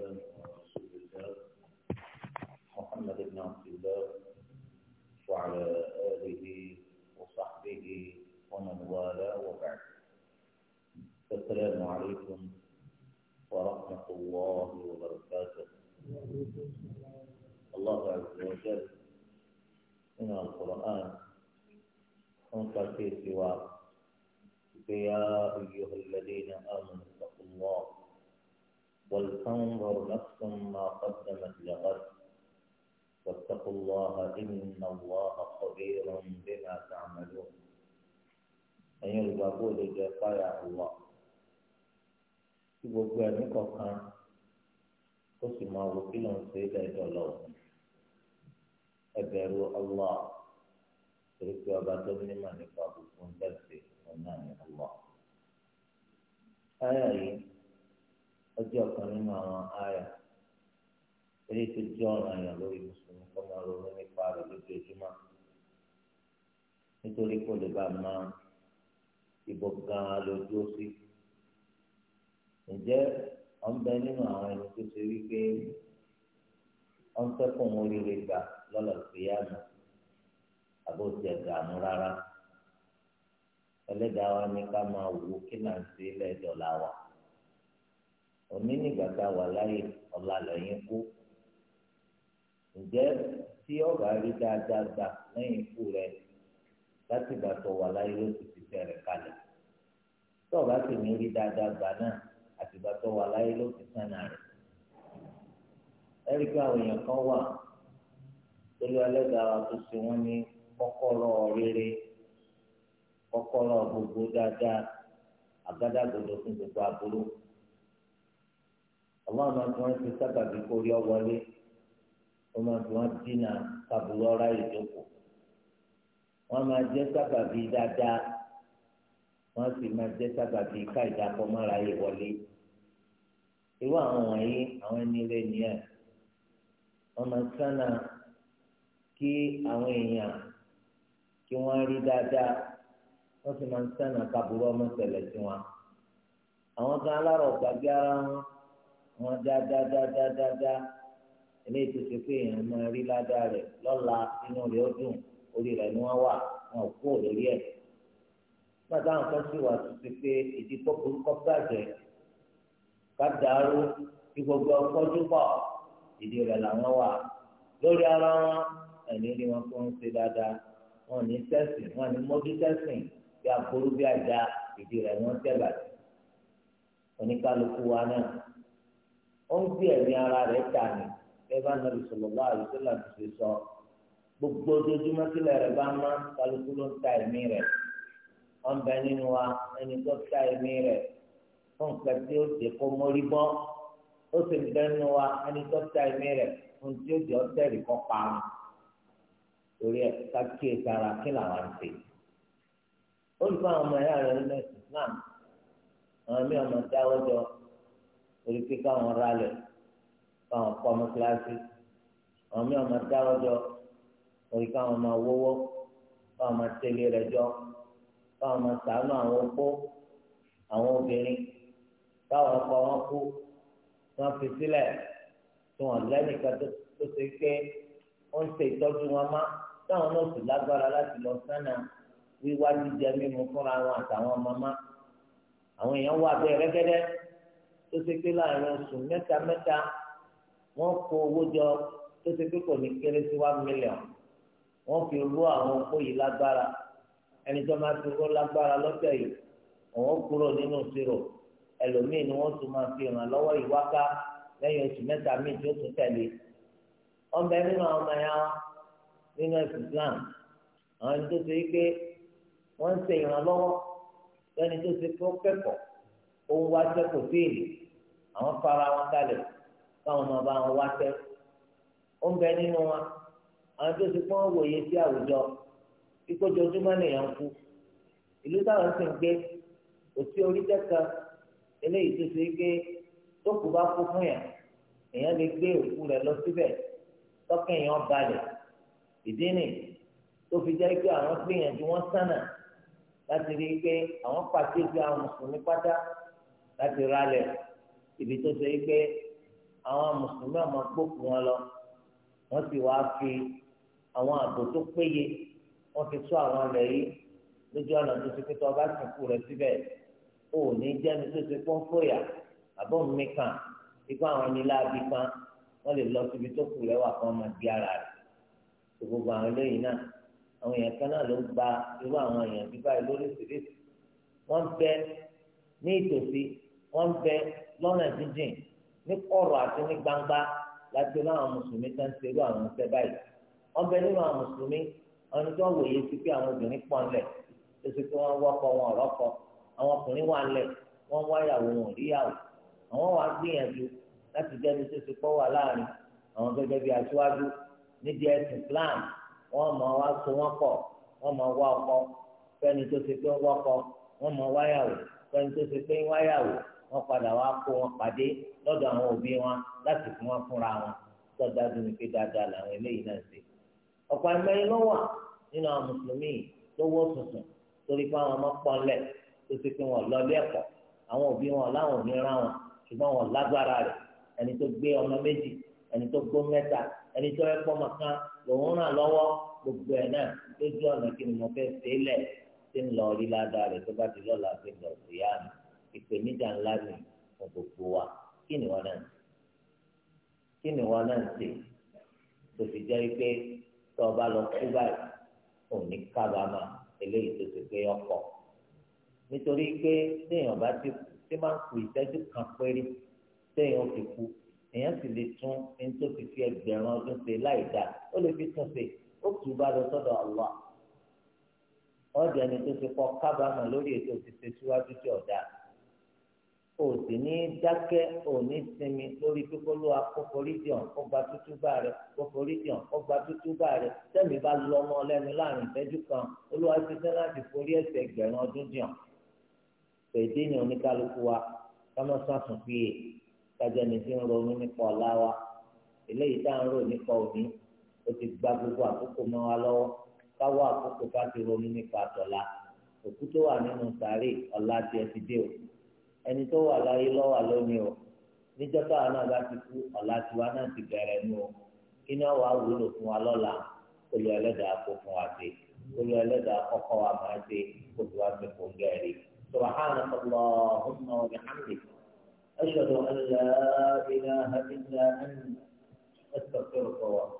والسلام على رسول الله محمد بن عبد الله وعلى آله وصحبه ومن والاه وبعد السلام عليكم ورحمة الله وبركاته الله عز وجل من القرآن انقل في سواه يا أيها الذين آمنوا ولتنظر نفس ما قدمت لغد واتقوا الله إن الله خبير بما تعملون أن يلقبوا لجفايا الله في بقوة نقطة ó sì máa wo kí ló ń ṣe lẹ́jọ́ lọ. ẹbẹ̀rù Allah torí pé ọba tó ní mà nípa gbogbo ń bẹ̀rẹ̀ sí ọ̀nà ní Allah. ayọ̀ yìí ọjọ́ ọ̀kan nínú àwọn àyà eré tó jẹ́ ọ̀ràn èèyàn lórí mùsùlùmí kọ́ máa ronú nípa rẹ̀ lójoojúmọ́ nítorí kó lè bá máa ìbò gan lójú ó sí. ǹjẹ́ ọ̀nbẹ nínú àwọn ẹni tó ṣe wípé wọ́n fẹ́kùn oríire gbà tiẹ̀ dààmú rárá ẹlẹ́dàá wa wa. òní nígbà tá a wà láyè ọ̀la lẹ́yìn kú ǹjẹ́ tí ọba rí dáadáa gbà lẹ́yìn ikú rẹ láti ìgbà tó wà láyé ló ti ti fẹ́rẹ̀ kalẹ̀ tí ọba sì ní rí dáadáa gbà náà àti ìgbà tó wà láyé ló ti sànà rẹ̀ ẹ̀ríkà àwọn èèyàn kan wà tó lọ ẹlẹ́dàá tó ṣe wọ́n ní kọ́kọ́rọ́ rere kọ́kọ́rọ́ gbogbo dáadáa àgádágodo fún gbogbo aburú ọlọ́run máa fi wọ́n ṣe sábàbí kó rí ọ wọlé wọ́n máa fi wọ́n dínà kábùlù ọ̀rá ìjókòó wọ́n máa jẹ́ sábàbí dáadáa wọ́n sì máa jẹ́ sábàbí ká ìdákọ́ mọ́ra yìí wọlé irú àwọn wọ̀nyí àwọn ẹni rẹ̀ nìyẹn wọ́n máa sánà kí àwọn èèyàn kí wọ́n rí dáadáa wọ́n sì máa sánà kábùlù ọmọ tẹ̀lẹ̀ sí wọn àwọn kan alárò gbàgbé ara wọn wọn dá dá dá dá dá dá eléyìí tó ṣe pé èèyàn máa rí ládàá rẹ̀ lọ́la inú rẹ̀ ó dùn orí rẹ̀ ni wọ́n wà wọn kú lórí ẹ̀ gbàdá nǹkan sì wà tó ṣe pé ìdí kọ́kọ́ bàjẹ́ ká dàrú kí gbogbo ọkọ́jú pọ̀ ìdí rẹ̀ làwọn wà lórí ara wọn ẹni ni wọn kò ń ṣe dáadáa wọn ní sẹ́sìn wọn ní mọ́jú sẹ́sìn bí aburú bí ajá ìdí rẹ̀ wọ́n tẹ̀lé oníkálukú wa náà ó ń gbé ẹ̀mí ara rẹ̀ ta ni ẹ̀bá nàbì sọ̀lọ́lá àdìsọ́lá ti fi sọ gbogbo ojoojúmọ́ sílẹ̀ rẹ̀ bá má kálukú ló ń ta ẹ̀mí rẹ̀ ó ń bẹ nínú wa ẹni tó ta ẹ̀mí rẹ̀ fún nǹkan ó dé kó mórí bọ́ ó sì bẹ nínú wa ẹni tó ta ẹ̀mí rẹ̀ fún tí ó dé ọ́tẹ́rì kọ́ pa á torí ẹ̀ ká kíyè sára kí làwọn ṣe olùkọ́ àwọn ọmọ ẹ̀yà rẹ̀ nínú ẹ̀sìn náà àwọn mí ọmọ dáwọ́ torí pé káwọn ralẹ̀ káwọn kọ́ ọmọ kíláàsì àwọn mí ọmọ dáwọ́jọ torí káwọn máa wọ́wọ́ káwọn máa tẹ́lẹ̀ rẹ̀ jọ káwọn máa sàánú àwọn opó àwọn obìnrin káwọn ọkọ wọn kú wọn fi sílẹ̀ tí wọn lẹ́nìkan tó ṣe pé wọ́n ń ṣe ìtọ́jú wọn má táwọn náà sì lágbára láti lọ sánà wíwá jíjẹ mímu fúnra wọn àtàwọn ọmọ má àwọn èèyàn wà bẹ́ẹ̀ rẹ́gẹ́dẹ́ tó ṣe pé láàrin oṣù mẹ́ta mẹ́ta wọ́n kó owó jọ tó ṣe pé kò ní kéré sí one million wọ́n fi rú àwọn opó yìí lágbára ẹni tó máa fi rú lágbára lọ́tẹ̀ yìí wọ́n kúrò nínú ìṣirò ẹlòmíì ni wọ́n tún máa fi ìrànlọ́wọ́ yìí wáká lẹ́yìn oṣù mẹ́ta míì tó tún tẹ̀lé ọmọ ẹni nínú ọmọ ya nínú ẹ̀sìn Islam àwọn ẹni tó ṣe pé wọ́n ń ṣe ìrànlọ́wọ́ lẹ́ni tó ṣe pé ó ó ń wáṣẹ́ kò sí ìlú àwọn fara wọn kalẹ̀ káwọn máa bá wọn wáṣẹ́ ó ń bẹ nínú wọn àwọn tó ti pọ́n wòye sí àwùjọ ìkójoojúmọ́ nìyẹn ń kú ìlú táwọn sì ń gbé kò sí oríṣẹ́ kan eléyìí tó ṣe pé tó kù bá kú fún yàn èèyàn lè gbé òkú rẹ̀ lọ síbẹ̀ tọ́kẹ́ èèyàn balẹ̀ ìdí nìyí tó fi jẹ́ pé àwọn gbìyànjú wọn sánà láti rí i pé àwọn pàṣẹ ju àwọn mùsùlùmí pátá láti ralẹ̀ ibi tó ṣe pé àwọn mùsùlùmí àmọ́ gbókùn wọn lọ wọ́n sì wá fi àwọn ààbò tó péye wọ́n fi tó àwọn ọ̀lẹ̀ yìí lójú ọ̀nà tó ṣe pé tó ọba sìnkú rẹ̀ síbẹ̀ ò ní jẹ́ni tó ṣe pọ́n fòyà àbọ̀ mi kàn ikú àwọn ẹni láabi kan wọ́n lè lọ síbi tó kù lẹ́wà kan máa di ara rẹ̀ tó gbogbo àwọn eléyìí náà àwọn èèyàn kan náà ló ń gba irú àwọn èèyàn bíbá yìí lóríṣiríṣi wọ́n bẹ ní ìtòsí wọ́n ń bẹ lọ́nà jíjìn ní kọ̀rọ̀ àti ní gbangba láti rí àwọn mùsùlùmí tó ń serú àwọn iṣẹ́ báyìí wọ́n bẹ nínú àwọn mùsùlùmí àwọn ẹni tó ń wòye sí pé àwọn obìnrin pọ̀ ńlẹ̀ tó sì pé wọ́n wọ́pọ̀ wọn ọ̀rọ̀pọ̀ àwọn ọkùnrin wà ńlẹ̀ wọ́n wá ìyàwó wọn ríyàwó àwọn wà gbìyànjú láti jẹ́ ní sísè pọ̀ wà láàrin àwọn gẹ́gẹ́ bí aṣíwájú nídìí ẹ̀sìn Islam wọ́n máa wá so wọ́n pọ̀ wọ́n máa wá ọkọ fẹ́ni tó ṣe pé wọ́n wọ́pọ̀ wọ́n máa wáyàwó fẹ́ni tó ṣe pé wáyàwó wọ́n padà wá kó wọn pàdé lọ́dọ̀ àwọn òbí wọn láti fún wọn fúnra wọn tó dájú ni pé dáadáa làwọn eléyìí náà ṣe. ọ̀pọ̀ ẹ̀mẹ́rin ló wà nínú àwọn mùsùlùmí tó wọ́ tuntun torí pé àwọn ọmọ pọ́nlẹ̀ tó ti pé wọn lọ́lé ẹ̀kọ́ àwọn òbí wọn láwọn ò ní ra wọn ṣùgbọ́n wọn lágbára rẹ̀ ẹni tó gbé ọmọ méjì ẹni tó gbó mẹ́ta ẹni tó ẹ̀kọ́ mọ̀kan lòun ràn lọ́wọ́ gbogbo ẹ̀ náà lójú ọ̀nà kí ni mo fẹ́ fẹ́ lẹ̀ tí ń lọ rí ládàá rẹ̀ tó bá ti lọ́la fi lọ sí yá ìpèníjà ńlá mi fún gbogbo wa kí ni wọn náà ń kí ni wọn náà ń ṣe tó fi jẹ́ pé tó o bá lọ kú báyìí òun ní kábàámà eléyìí tó ti gbé ọkọ̀ nítorí pé téèyàn bá ti kú tí máa ń kú ìtẹ́jú kan péré téèyàn fi kú èèyàn sì lè tún ẹni tó ti fi ẹgbẹ̀rún ọdún ṣe láì dáa ó lè fi tún ṣe ó tù bá lọ sọ́dọ̀ Allah ọ̀dẹ̀ ni tó ti kọ́ kábàámà lórí ètò ìṣèṣíwájú tí ọ̀dà o sì ní dákẹ́ o ní sinmi lórí kíkóló akóforídìọ̀n ọgbà tútúbà rẹ kóforídìọ̀n ọgbà tútúbà rẹ sẹ́mi bá lọ ọmọ lẹ́nu láàrin ìtẹ́jú kan olúwa ti sẹ́ láti forí ẹ̀ṣẹ̀ ẹgbẹ̀rún ọdún dìọ̀n fèdè ní oníkálukú wa kámọ́ sàtún fìyè kájọ ní ti ń ronú nípa ọ̀la wa eléyìí tá à ń rò nípa òní o ti gba gbogbo àkókò mọ́ wa lọ́wọ́ ẹni tó wà láyé lọ́wà lónìí o níjọ́ táwa náà bá ti kú ọ̀la tiwa náà ti bẹ̀rẹ̀ nù o kí ni wàá wúlò fún wa lọ́la olú ẹlẹ́dàá kó fún wa dé olú ẹlẹ́dàá kọ́kọ́ wa máa dé olú wa fi kún gẹ̀ẹ́rì سبحانك أشهد أن لا إله إلا أنت أستغفرك وأتوب